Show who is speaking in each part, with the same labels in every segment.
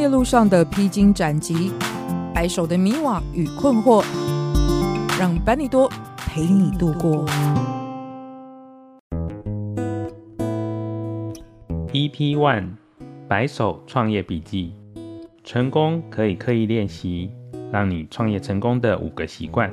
Speaker 1: 業路上的披荊斬棘，白手的迷惘與困惑，讓班尼多陪你度過。EP One 白手創業筆記：成功可以刻意練習，讓你創業成功的五個習慣。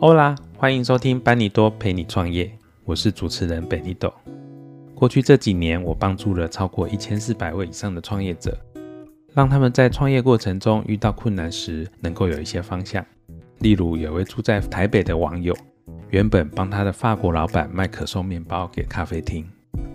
Speaker 1: 歐啦，歡迎收聽班尼多陪你創業，我是主持人 Benito。過去這幾年，我幫助了超過一千四百位以上的創業者，讓他們在創業過程中遇到困難時，能夠有一些方向。例如，有位住在台北的網友，原本幫他的法國老闆賣可頌麵包給咖啡廳，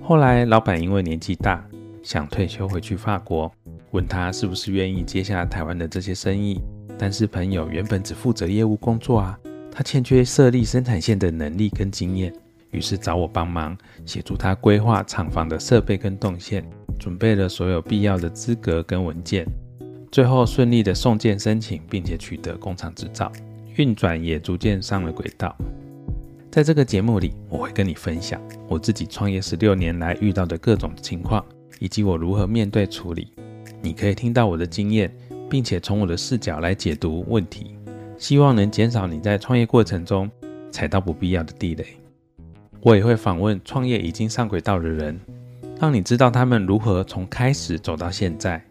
Speaker 1: 後來老闆因為年紀大，想退休回去法國，問他是不是願意接下台灣的這些生意。但是朋友原本只負責業務工作啊，他欠缺設立生產線的能力跟經驗。於是找我幫忙，協助他規劃廠房的設備跟動線，準備了所有必要的資格跟文件，最後順利的送件申請，並且取得工廠執照，運轉也逐漸上了軌道。在這個節目裡，我會跟你分享我自己創業十六年來遇到的各種情況，以及我如何面對處理。你可以聽到我的經驗，並且從我的視角來解讀問題，希望能減少你在創業過程中踩到不必要的地雷。我也會訪問創業已經上軌道的人，讓你知道他們如何從開始走到現在，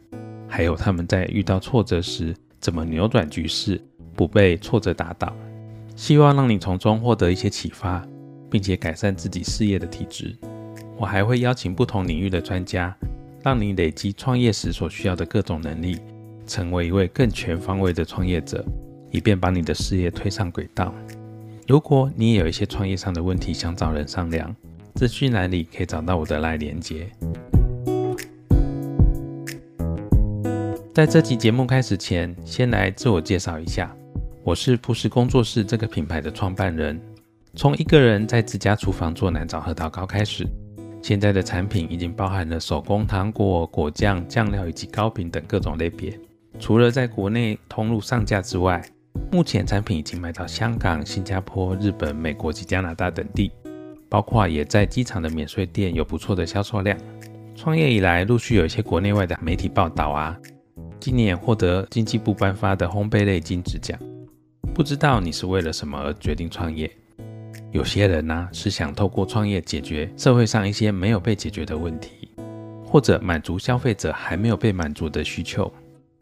Speaker 1: 還有他們在遇到挫折時怎麼扭轉局勢，不被挫折打倒。希望讓你從中獲得一些啟發，並且改善自己事業的體質。我還會邀請不同領域的專家，讓你累積創業時所需要的各種能力，成為一位更全方位的創業者，以便把你的事業推上軌道。如果你也有一些創業上的問題想找人商量，資訊欄裡可以找到我的 LINE 連結。在這期節目開始前，先來自我介紹一下，我是樸實工作室這個品牌的創辦人，從一個人在自家廚房做南棗核桃糕開始，現在的產品已經包含了手工糖果、果醬、醬料以及糕餅等各種類別，除了在國內通路上架之外。目前產品已經賣到香港、新加坡、日本、美國及加拿大等地，包括也在機場的免稅店有不錯的銷售量。創業以來，陸續有一些國內外的媒體報道啊。今年也獲得經濟部頒發的烘焙類金質獎。不知道你是為了什麼而決定創業？有些人呢、啊、是想透過創業解決社會上一些沒有被解決的問題，或者滿足消費者還沒有被滿足的需求，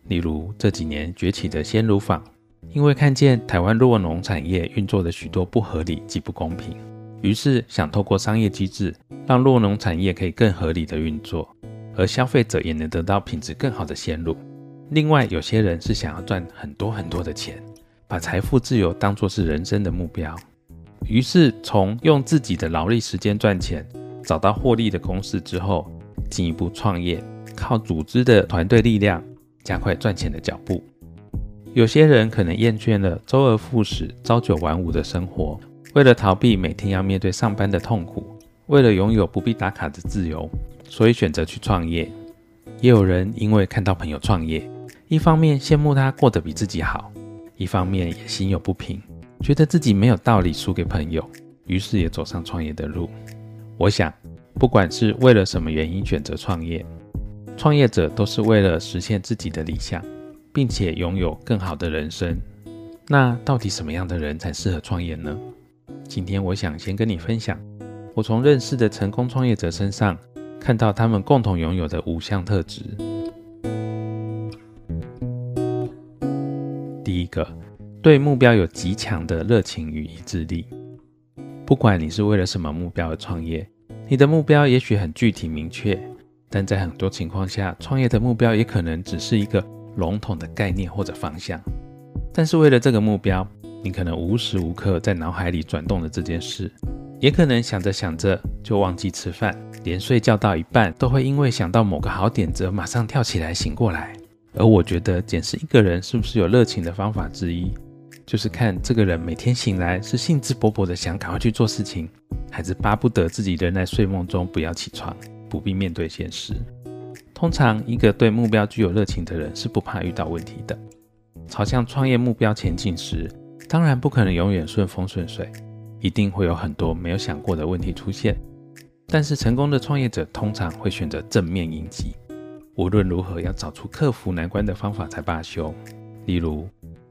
Speaker 1: 例如這幾年崛起的鮮乳坊。因為看見台灣酪農產業運作的許多不合理及不公平，於是想透過商業機制，讓酪農產業可以更合理的運作，而消費者也能得到品質更好的鮮乳。另外，有些人是想要賺很多很多的錢，把財富自由當作是人生的目標，於是從用自己的勞力時間賺錢，找到獲利的公式之後，進一步創業，靠組織的團隊力量，加快賺錢的腳步。有些人可能厭倦了週而復始、朝九晚五的生活，為了逃避每天要面對上班的痛苦，為了擁有不必打卡的自由，所以選擇去創業。也有人因為看到朋友創業，一方面羨慕他過得比自己好，一方面也心有不平，覺得自己沒有道理輸給朋友，於是也走上創業的路。我想，不管是為了什麼原因選擇創業，創業者都是為了實現自己的理想。並且擁有更好的人生。那到底什麼樣的人才適合創業呢？今天我想先跟你分享，我從認識的成功創業者身上看到他們共同擁有的五項特質。第一個，對目標有極強的熱情與意志力。不管你是為了什麼目標而創業，你的目標也許很具體明確，但在很多情況下，創業的目標也可能只是一個。籠統的概念或者方向，但是為了這個目標，你可能無時無刻在腦海裡轉動着這件事，也可能想着想着就忘記吃飯，連睡覺到一半都會因為想到某個好點子馬上跳起來醒過來。而我覺得，檢視一個人是不是有熱情的方法之一，就是看這個人每天醒來是興致勃勃的想趕快去做事情，還是巴不得自己仍在睡夢中不要起床，不必面對現實。通常，一個對目標具有熱情的人是不怕遇到問題的。朝向創業目標前進時，當然不可能永遠順風順水，一定會有很多沒有想過的問題出現。但是，成功的創業者通常會選擇正面迎擊，無論如何要找出克服難關的方法才罷休。例如，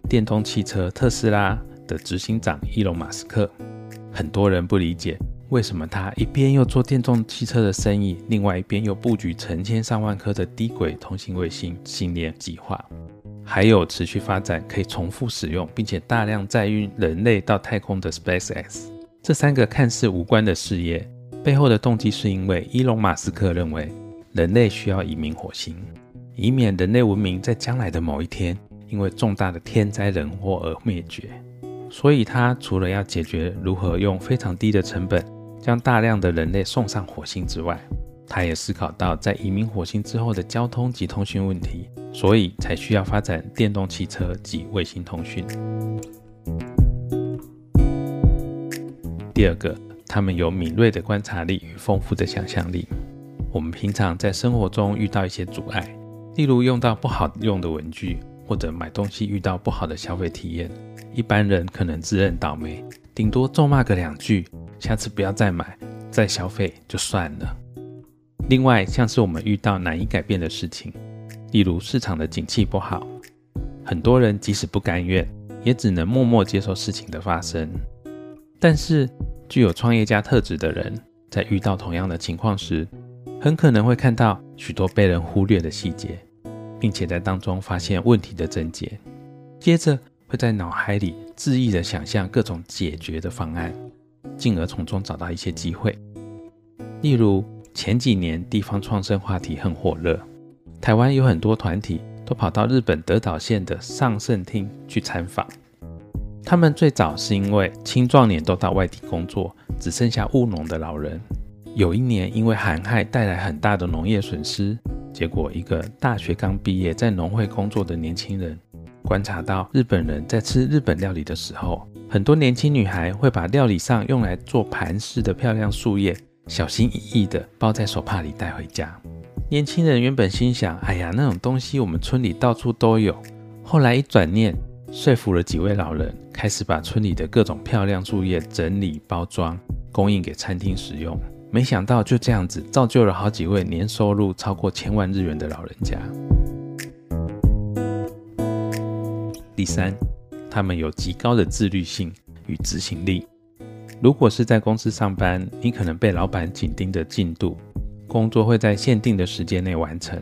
Speaker 1: 電動汽車特斯拉的執行長伊隆·馬斯克，很多人不理解。為什麼他一邊又做電動汽車的生意，另外一邊又布局成千上萬顆的低軌通信衛星、星鏈計劃，還有持續發展可以重複使用並且大量載運人類到太空的 SpaceX？這三個看似無關的事業背後的動機，是因為伊隆馬斯克認為人類需要移民火星，以免人類文明在將來的某一天因為重大的天災人禍而滅絕。所以，他除了要解決如何用非常低的成本，將大量的人類送上火星之外，他也思考到在移民火星之後的交通及通訊問題，所以才需要發展電動汽車及衛星通訊。第二個，他們有敏銳的觀察力與豐富的想象力。我們平常在生活中遇到一些阻礙，例如用到不好用的文具，或者買東西遇到不好的消費體驗，一般人可能自認倒霉，頂多咒罵個兩句。下次不要再買、再消費就算了。另外，像是我們遇到難以改變的事情，例如市場的景氣不好，很多人即使不甘願，也只能默默接受事情的發生。但是，具有創業家特質的人，在遇到同樣的情況時，很可能會看到許多被人忽略的細節，並且在當中發現問題的症結，接着會在腦海裡恣意的想象各種解決的方案。進而從中找到一些機會，例如前幾年地方創生話題很火熱，台灣有很多團體都跑到日本德島縣的上勝町去參訪。他們最早是因為青壯年都到外地工作，只剩下務農的老人。有一年因為寒害帶來很大的農業損失，結果一個大學剛畢業在農會工作的年輕人，觀察到日本人在吃日本料理的時候。很多年輕女孩會把料理上用來做盤飾的漂亮樹葉，小心翼翼地包在手帕裡帶回家。年輕人原本心想，哎呀，那種東西我們村裡到處都有。後來一轉念，說服了幾位老人，開始把村裡的各種漂亮樹葉整理包裝，供應給餐廳使用。沒想到就這樣子，造就了好幾位年收入超過千萬日元的老人家。第三。他們有極高的自律性與執行力。如果是在公司上班，你可能被老板緊盯着進度，工作會在限定的時間內完成。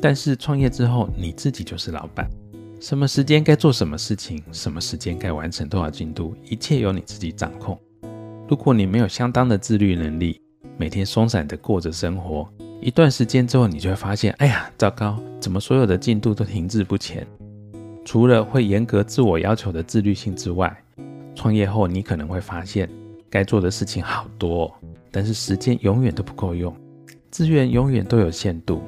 Speaker 1: 但是創業之後，你自己就是老板，什麼時間該做什麼事情，什麼時間該完成多少進度，一切由你自己掌控。如果你沒有相當的自律能力，每天鬆散的過着生活，一段時間之後，你就會發現，哎呀，糟糕，怎麼所有的進度都停滯不前？除了會嚴格自我要求的自律性之外，創業後你可能會發現，該做的事情好多，但是時間永遠都不夠用，資源永遠都有限度。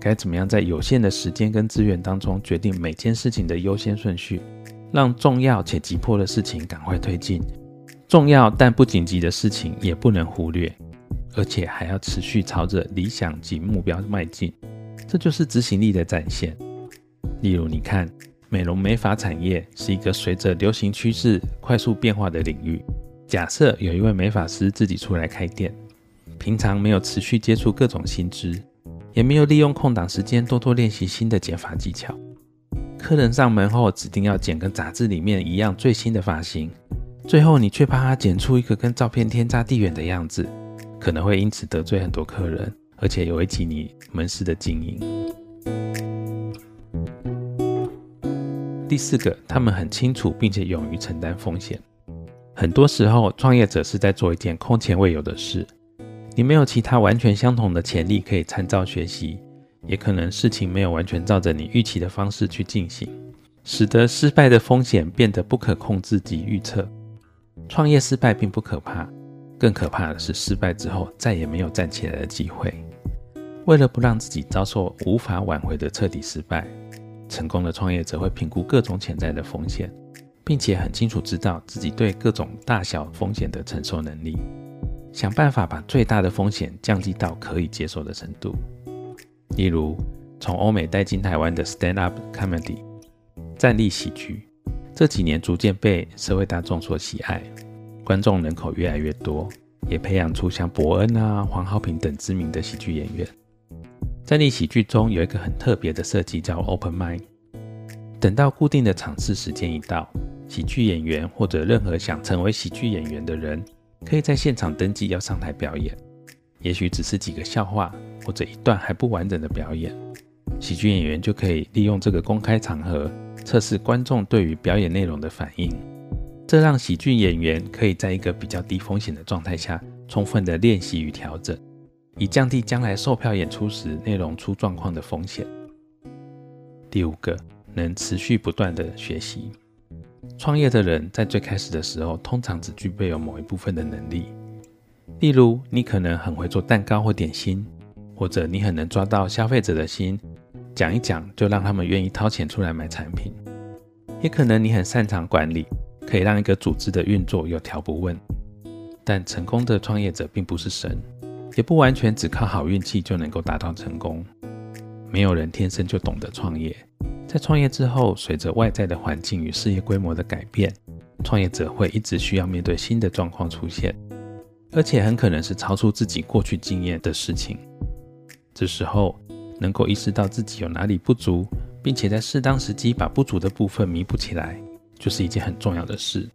Speaker 1: 該怎麼樣在有限的時間跟資源當中決定每件事情的優先順序，讓重要且急迫的事情趕快推進，重要但不緊急的事情也不能忽略，而且還要持續朝着理想及目標邁進，這就是執行力的展現。例如你看。美容美髮產業是一個隨着流行趨勢快速變化的領域。假設有一位美髮師自己出來開店，平常沒有持續接觸各種新知，也沒有利用空檔時間多多練習新的剪髮技巧。客人上門後指定要剪跟雜誌裡面一樣最新的髮型，最後你卻怕他剪出一個跟照片天差地遠的樣子，可能會因此得罪很多客人，而且危及你門市的經營。第四個，他們很清楚並且勇於承擔風險。很多時候，創業者是在做一件空前未有的事。你沒有其他完全相同的前例可以參照學習，也可能事情沒有完全照着你預期的方式去進行，使得失敗的風險變得不可控制及預測。創業失敗並不可怕，更可怕的是失敗之後再也沒有站起來的機會。為了不讓自己遭受無法挽回的徹底失敗。成功的創業者會評估各種潛在的風險，並且很清楚知道自己對各種大小風險的承受能力，想辦法把最大的風險降低到可以接受的程度。例如，從歐美帶進台灣的 stand-up comedy（ 站立喜劇），這幾年逐漸被社會大眾所喜愛，觀眾人口越來越多，也培養出像伯恩啊、黃浩平等知名的喜劇演員。在立喜劇中有一個很特別的設計，叫 Open Mic，等到固定的場次時間一到，喜劇演員或者任何想成為喜劇演員的人，可以在現場登記要上台表演。也許只是幾個笑話或者一段還不完整的表演，喜劇演員就可以利用這個公開場合測試觀眾對於表演內容的反應。這讓喜劇演員可以在一個比較低風險的狀態下，充分的練習與調整。以降低將來售票演出時內容出狀況的風險。第五個，能持續不斷地學習。創業的人在最開始的時候，通常只具備有某一部分的能力。例如，你可能很會做蛋糕或點心，或者你很能抓到消費者的心，講一講就讓他們願意掏錢出來買產品。也可能你很擅長管理，可以讓一個組織的運作有條不紊。但成功的創業者並不是神。也不完全只靠好運氣就能夠達到成功。沒有人天生就懂得創業。在創業之後，隨着外在的環境與事業規模的改變，創業者會一直需要面對新的狀況出現，而且很可能是超出自己過去經驗的事情。這時候能夠意識到自己有哪裡不足，並且在適當時機把不足的部分彌補起來，就是一件很重要的事。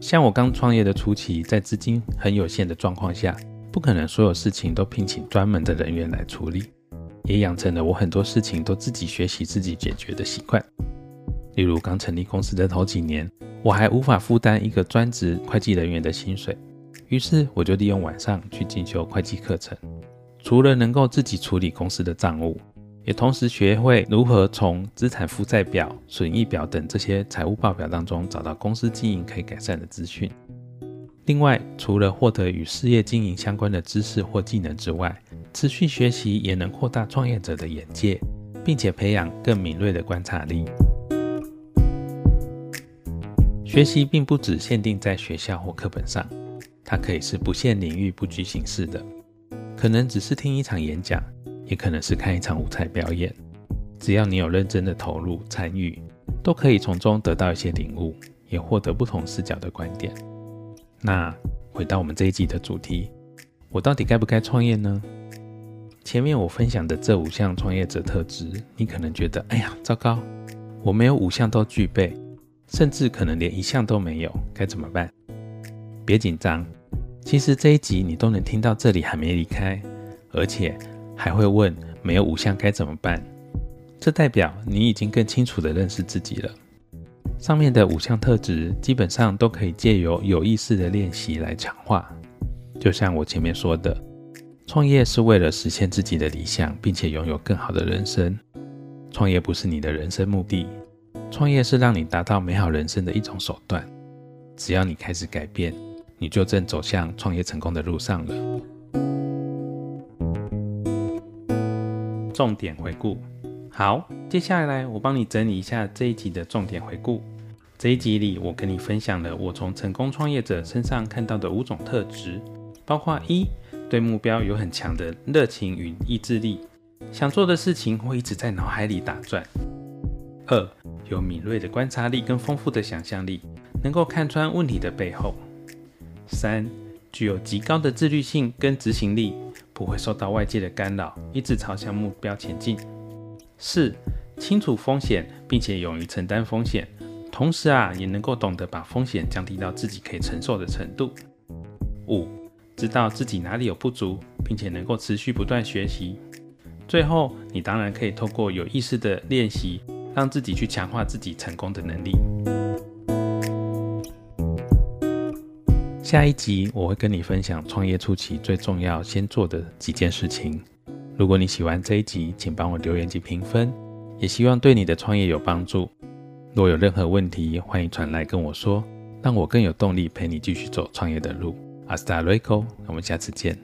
Speaker 1: 像我剛創業的初期，在資金很有限的狀況下，不可能所有事情都聘請專門的人員來處理，也養成了我很多事情都自己學習、自己解決的習慣。例如，剛成立公司的頭幾年，我還無法負擔一個專職會計人員的薪水，於是我就利用晚上去進修會計課程。除了能夠自己處理公司的賬務，也同時學會如何從資產負債表、損益表等這些財務報表當中找到公司經營可以改善的資訊。另外，除了獲得與事業經營相關的知識或技能之外，持續學習也能擴大創業者的眼界，並且培養更敏銳的觀察力。學習並不只限定在學校或課本上，它可以是不限領域、不拘形式的。可能只是聽一場演講，也可能是看一場舞台表演，只要你有認真的投入參與，都可以從中得到一些領悟，也獲得不同視角的觀點。那回到我們這一集的主題，我到底該不該創業呢？前面我分享的這五項創業者特質，你可能覺得，哎呀，糟糕，我沒有五項都具備，甚至可能連一項都沒有，該怎麼辦？別緊張，其實這一集你都能聽到這裡還沒離開，而且還會問沒有五項該怎麼辦，這代表你已經更清楚地認識自己了。上面的五項特質基本上都可以借由有意識的練習來強化。就像我前面說的，創業是為了實現自己的理想，並且擁有更好的人生。創業不是你的人生目的，創業是讓你達到美好人生的一種手段。只要你開始改變，你就正走向創業成功的路上了。重點回顧。好，接下來我幫你整理一下這一集的重點回顧。這一集裡，我跟你分享了我從成功創業者身上看到的五種特質，包括一，對目標有很強的熱情與意志力，想做的事情會一直在腦海裡打轉；二，有敏銳的觀察力跟豐富的想象力，能夠看穿問題的背後；三，具有極高的自律性跟執行力，不會受到外界的干擾，一直朝向目標前進。四、4. 清楚風險，並且勇於承擔風險，同時啊，也能夠懂得把風險降低到自己可以承受的程度。五、知道自己哪裡有不足，並且能夠持續不斷學習。最後，你當然可以透過有意識的練習，讓自己去強化自己成功的能力。下一集我會跟你分享創業初期最重要先做的幾件事情。如果你喜歡這一集，請幫我留言及評分，也希望對你的創業有幫助。若有任何問題，歡迎傳來跟我說，讓我更有動力陪你繼續走創業的路。阿斯達瑞克，那我們下次見。